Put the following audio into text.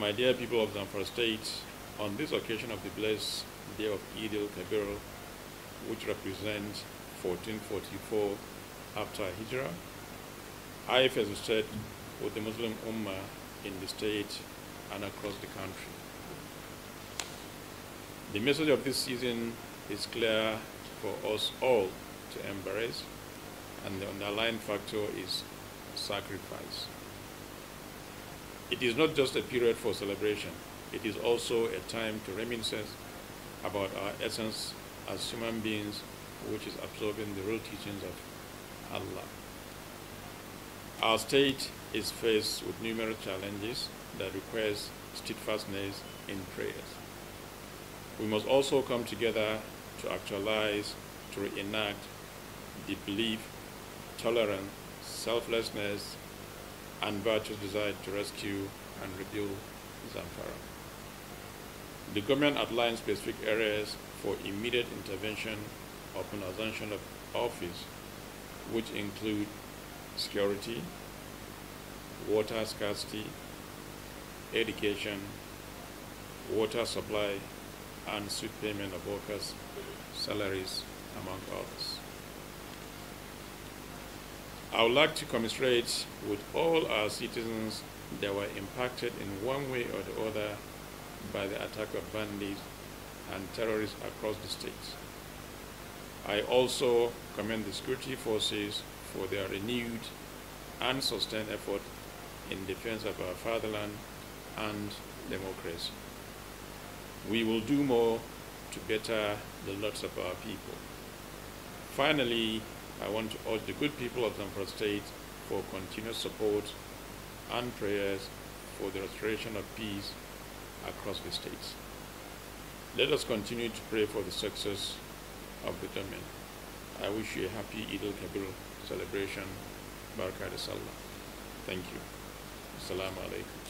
My dear people of Zamfara State, on this occasion of the blessed day of Eid al-Kabir, which represents 1444 after Hijrah, I visited with the Muslim Ummah in the state and across the country. The message of this season is clear for us all to embrace, and the underlying factor is sacrifice. It is not just a period for celebration, it is also a time to reminisce about our essence as human beings, which is absorbing the real teachings of Allah. Our state is faced with numerous challenges that require steadfastness in prayers. We must also come together to actualize, to reenact the belief, tolerance, selflessness, and virtuous desire to rescue and rebuild Zamfara. The government outlined specific areas for immediate intervention upon assumption of office, which include security, water scarcity, education, water supply, and suit payment of workers' salaries, among others. I would like to commiserate with all our citizens that were impacted in one way or the other by the attack of bandits and terrorists across the state. I also commend the security forces for their renewed and sustained effort in defense of our fatherland and democracy. We will do more to better the lots of our people. Finally, I want to urge the good people of Zamfara State for continued support and prayers for the restoration of peace across the states. Let us continue to pray for the success of the government. I wish you a happy Eid al-Kabir celebration. Barakah Thank you. Assalamu alaikum.